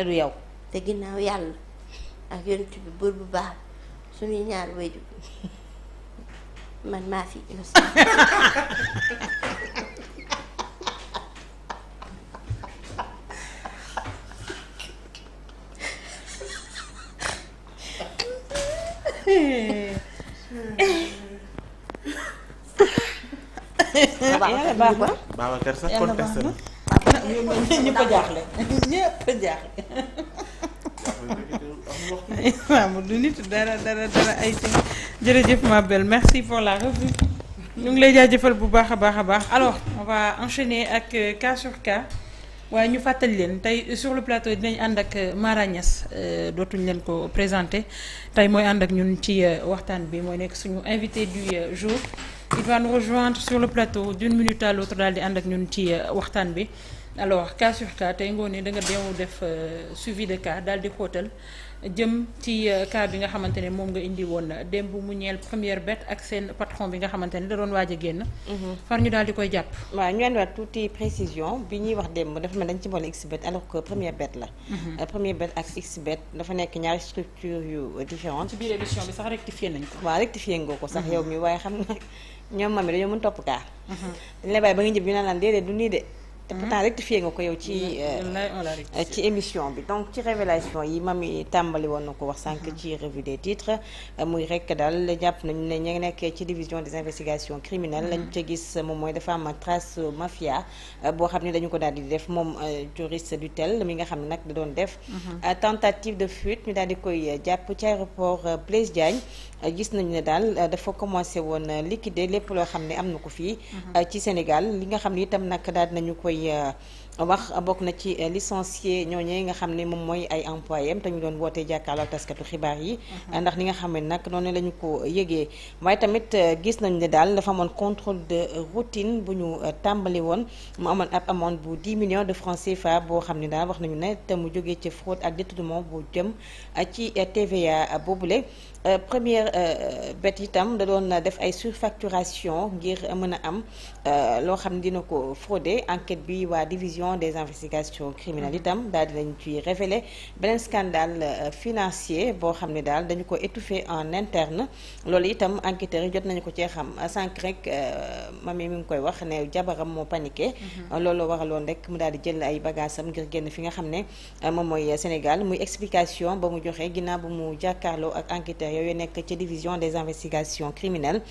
te du yow te ginnaaw yàlla ak yonent bi buur bu baax suñuy ñaar wayju man maa fi sax contesté ñëpp a jaaxle ñëpp a jaaxle merci pour la revue ñu ngi lay jëfal bu baax a baax a baax alors on ak euh, cas sur cas waaye ñu fàttali leen tey sur le plateau dinañ ànd ak euh, marañas Niass euh, dootuñ leen ko présenté tey mooy ànd ak ñun ci waxtaan bi mooy nekk suñu invité du jour il va nous rejoindre sur le plateau d'une minute à l'autre daal di ànd ak ñun ci waxtaan bi alors cas sur cas tey ngoon ni da nga def euh, suivi de cas daal di xóotal jëm ci euh, cas bi nga xamante ne moom nga indi woon na démb mu ñeel première bête ak seen patron bi nga xamante ne doon waaj a génn. Mhm. far ñu daal di koy jàpp. waaw ñu andiwaat tuuti précision bi ñuy wax démb dafa mel dañ ci boole xbet alors que première bête la. Mhm. Euh, première bête ak xbet dafa nekk ñaari structure yu différentes. ci biir bi sax rectifié nañ ko. waaw rectifié nga ko sax mhm. yow mi waaye xam nga ñoom mami dañoo dañ te pourtant mhm. rectifié nga ko yow ci euh, euh, ci bi donc ci révélation yi ma mami tàmbali woon na ko wax sànq mhm. ci revue des titres euh, muy rek daal jàpp nañu ne ñu nekkee ci division des investigations criminelles mhm. lañu ca gis moom mooy dafa am trace mafia boo xam ne dañu ko daal di def moom juriste du tel mi nga xam ne nag da doon def tentative de fuite ñu daal di koy jàpp ci aéroport Blaise Diagne gis nañu ne daal dafa commencé woon liquider lépp loo xam ne am na ko fii ci Sénégal li nga xam ne itam nag daal koy euh, wax bokk na ci euh, licencié ñooñee nga xam ne moom mooy ay employé am te ñu doon wootee jàkkaarloo taskatu xibaar yi. Mhm. ndax li nga xam ne nag noonu la ñu ko yëgee. waaye tamit euh, gis nañ ne daal dafa amoon contrôle de routine bu ñu tàmbali woon mu amoon ab amoon bu 10 millions de francs CFA boo xam ne daal wax nañu ne te mu jógee ci fraude ak détournement bu jëm ci TVA boobule. première bet itam da doon def ay surfacturation ngir mën a am loo xam ne dina ko frauder enquête bi waa division des investigations criminelles itam daal dinañ ci révélé beneen scandale euh, financier boo xam ne daal dañu ko étouffé en interne loolu itam enquêteurs yi jot nañu ko cee xam sànq rek euh, mami mi ngi koy wax ne jabaram moo paniqué mhm. loolu waraloon rek mu daal di jël ay bagaasam ngir génn fi nga xam ne euh, moom mooy Sénégal muy explication ba mu joxee ginnaaw bu mu jàkkaarloo ak enquêteurs yooyu nekk ci division des investigations criminelles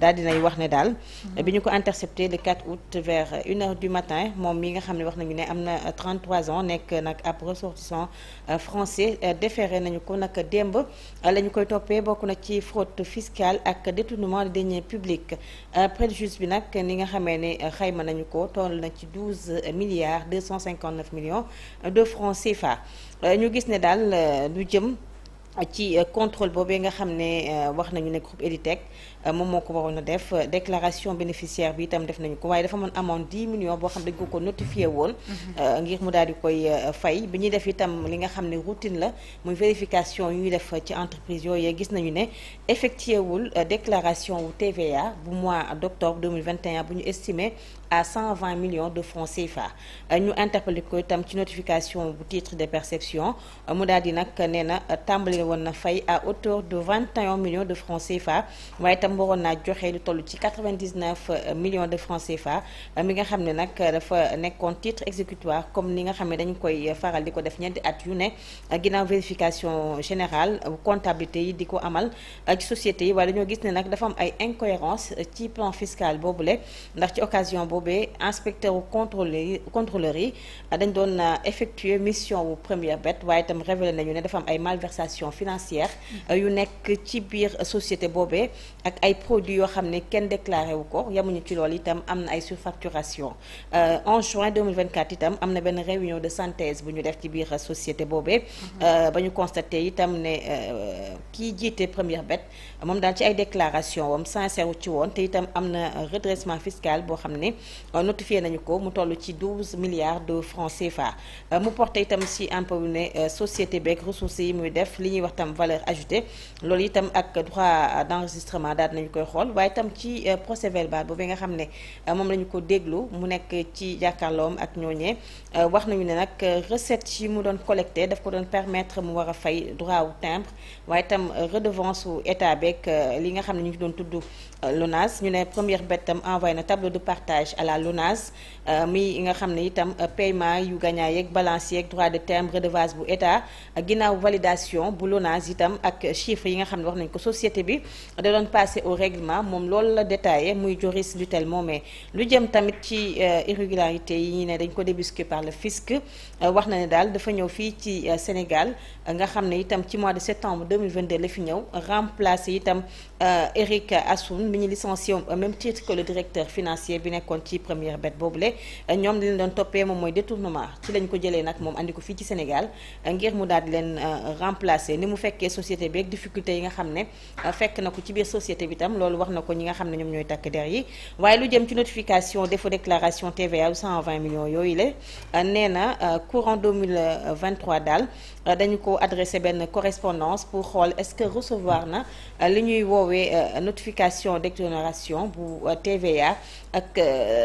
daal dinay Martin moom mi nga xam ne wax nañu ne am na 33 ans nekk nag ab ressortissant euh, français euh, déféré nañu ko nag démb euh, la koy toppee bokk na ci fraude fiscale ak détournement de deniers publics préjudice bi nag ni nga xamee ne xayma nañu ko toll na ci 12 milliards 259 millions de francs CFA ñu gis ne daal lu jëm. ci euh, contrôle boobee nga xam ne euh, wax nañu ne groupe Editec euh, moom moo ko waroon a def déclaration bénéficiaire bi itam def nañu ko waaye dafa mën amoon 10 millions boo xam dañ ko ko notifié woon. Mhm. ngir mu daal di koy fay bi ñuy def itam li nga xam ne routine la muy vérification yu ñuy def ci entreprise yooyu gis nañu ne effectué wul déclaration wu TVA bu mois d' octobre 2021 bu ñu estimé à 120 millions de francs CFA. ñu interpellé ko itam ci notification bu tiitre de perception mu daal di nag nee na tàmbali woon na fay à hauteur de 21 millions de francs CFA waaye itam waroon naa joxe lu toll ci 99 euh, millions de francs CFA euh, mi nga xam ne nag euh, dafa nekkoon titre exécutoire comme ni nga xam ne dañu koy faral di ko def ñetti at yu ne ginnaaw vérification général comptabilité yi di ko amal ci société yi waaye dañoo gis ne nag dafa am ay incohérence ci plan fiscal boobule ndax ci occasion boobee inspecteur u contrôle contrôleur yi dañ doon effectuer mission wu première bête waaye itam révélé nañu ne dafa am ay malversation financière euh, yu nekk ci biir société boobee ak ay produits yoo xam ne kenn déclaré wu ko yamuñu ci loolu itam am na ay surfacturation euh, en juin 2024 itam am na benn réunion de synthèse bu ñu def ci biir société boobee mm-hmm. euh, ba ñu constaté itam ne kii jiite première bet moom daal ci ay déclaration wam sincère ci woon te itam am na redressement fiscale boo xam ne notifié nañu ko mu toll ci 12 milliards de francs CFA mu porté itam si impôt société beeg ressources wax tam valeur ajoutée loolu itam ak droit d'enregistrement daal nañu koy xool waaye itam ci euh, procès verbal boobu nga xam ne euh, moom la ñu ko déglu mu nekk ci jàkkaarloom ak ñooñee euh, wax nañu ne nag recette yi mu doon collecté daf ko doon permetre mu war a fay droit wu timbre waaye itam redevance su état beeg li nga xam ne ñu ngi doon tudd LONASE ñu ne première bête tam envoyé na tableau de partage à la LONASE muy nga xam ne itam paiement yu gagnant yeeg balance de timbre redevance LONASE itam ak chiffres yi nga xam ne wax nañ ko société bi da doon passé au règlement moom loolu la détaillé muy juris Dutel moomee lu jëm tamit ci euh, irrégularité yi ñu ne dañ ko débusqué par le fisc Euh, wax na ne daal dafa ñëw fii ci euh, Sénégal euh, nga xam ne itam ci mois de septembre 2022 la fi ñëw remplacé itam Eric Assoun mi ñu licencié au même titre que directeur financier bi nekkoon ci première bête boobule ñoom li leen doon toppee moom mooy détournement ci lañ ko jëlee nag moom andi ko fii ci Sénégal ngir mu daal di leen remplacer ni mu fekkee société bi ak difficulté yi nga xam ne fekk na ko ci biir société bi itam loolu wax na ko ñi nga xam ne ñoom ñooy takk der yi waaye lu jëm ci notification défaut déclaration TVA 120 millions yooyu la nee na courant 2023 daal dañu ko adressé benn correspondance pour xool est-ce que recevoir na euh, li ñuy woowee euh, notification d'exonération bu euh, TVA ak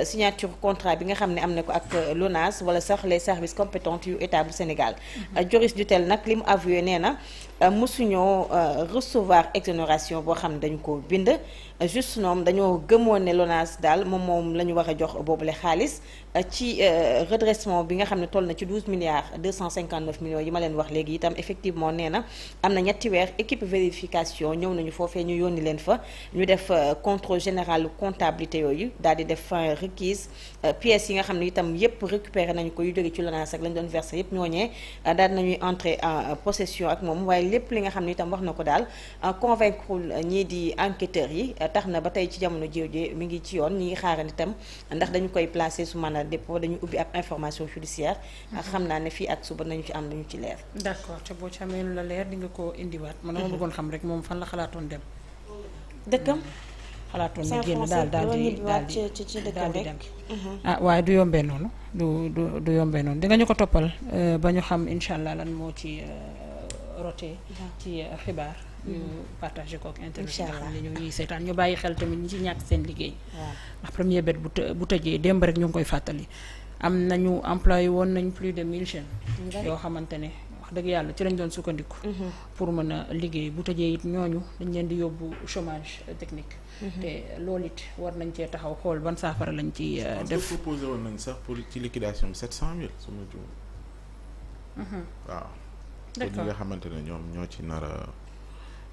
signature contrat bi nga xam ne am na ko ak l'ONAS wala sax les services compétents yu état bu Sénégal. Mm-hmm. Joris Dutel nag li mu avoué nee na. Euh, mosuñoo euh, recevoir exonération boo xam ne dañu ko bind euh, juste noom dañoo gëmoon ne LONASE daal moom moom la ñu war a jox boobule xaalis ci redressement bi nga xam ne toll na ci 12 milliards 259 millions yi ma leen wax léegi itam effectivement nee na am na ñetti weer équipe vérification ñëw nañu foofee ñu yónni leen fa ñu def contrôle général comptabilité yooyu daal di def fin requise pièces yi nga xam ne itam yépp récupéré nañu ko yu jóge ci LONASE ak lañ doon versé yépp ñooñee daal nañuy entrer en possession lépp li nga xam ne itam wax na ko daal euh, convaincre ñii di enquêteurs yi euh, tax na ba tey ci jamono jiwjee mi ngi ci yoon ñi xaaral xaaran itam ndax dañu koy placer su mandat dépôt dañu ubbi ab information judiciaire mm-hmm. euh, xam naa ne fii ak suba nañu ci am nañu ci leer d'accord te boo ci amee lu la leer di ko indiwaat man dama mm-hmm. bëggoon xam rek moom fan la xalaatoon dem dëkkam xalaatoon na génn daal daal di daal di daal di mm-hmm. ah, waaye du yombee noonu du du du yombee noonu di ñu ko toppal ba ñu xam incha allah lan moo ci rotee ci xibaar ñu mhm. partagé kook internet nga xam ne ñu ñuy seetaan ñu bàyyi xel tamit ñu ci ñàkk seen liggéey ndax premier bet bu bu tëjee démb rek ñu ngi koy fàttali am nañu employé woon nañ plus de mille jeunes yoo xamante ne dëgg yàlla ci lañ doon sukkandiku. Mhm. pour mën a liggéey bu tëjee it ñooñu dañ leen di yóbbu chômage technique. Mhm. te loolu it war nañ cee taxaw xool ban saafara lañ ci euh, def proposé woon nañ sax pour ci liquidation bi sept cent mille su te ñi nga xamante ne ñoom ñoo ci nar a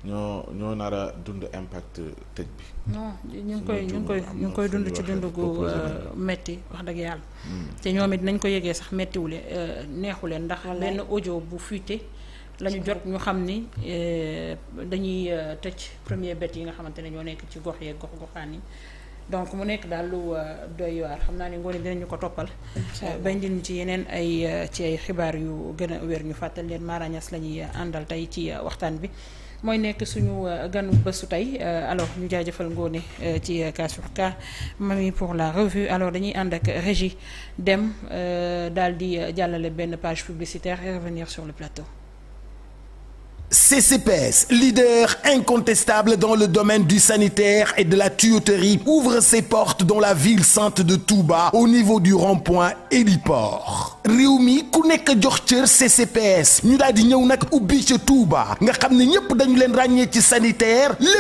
ñoo ñoo nar dund impact tëj bi. ñu ngi koy ñu ngi koy ñu ngi koy dund ci dund gu euh, metti wax dëgg yàlla. Hmm. te ñoom it nañ ko yëgee sax mettiwule euh, leen ndax benn ojo bu fuité lañu jot ñu xam ni euh, dañuy tëj premier bet yi nga xamante ne ñoo nekk ci gox yeeg gox goxaan yi. donc mu nekk daal lu euh, doy waar xam naa ne ngoone dinañu ko toppal. ba indil ñu ci yeneen ay euh, ci ay xibaar yu gën a wér ñu fàttal leen Mara Niass la ñuy euh, àndal tey ci waxtaan bi. mooy nekk suñu gën bésu tey alors ñu jaajëfal ngoone ci cas sur cas mami pour la revue alors dañuy ànd ak régie dem daal di jàllale benn page publicitaire et revenir sur le plateau. CCPS, leader incontestable dans le domaine du sanitaire et de la tuyauterie, ouvre ses portes dans la ville sainte de Touba au niveau du rond-point Héliport. réew mi ku nekk jox cër CCPS ñu daal di ñëw nag ubbi ca Touba nga xam ne ñëpp dañu leen ràññee ci sanitaire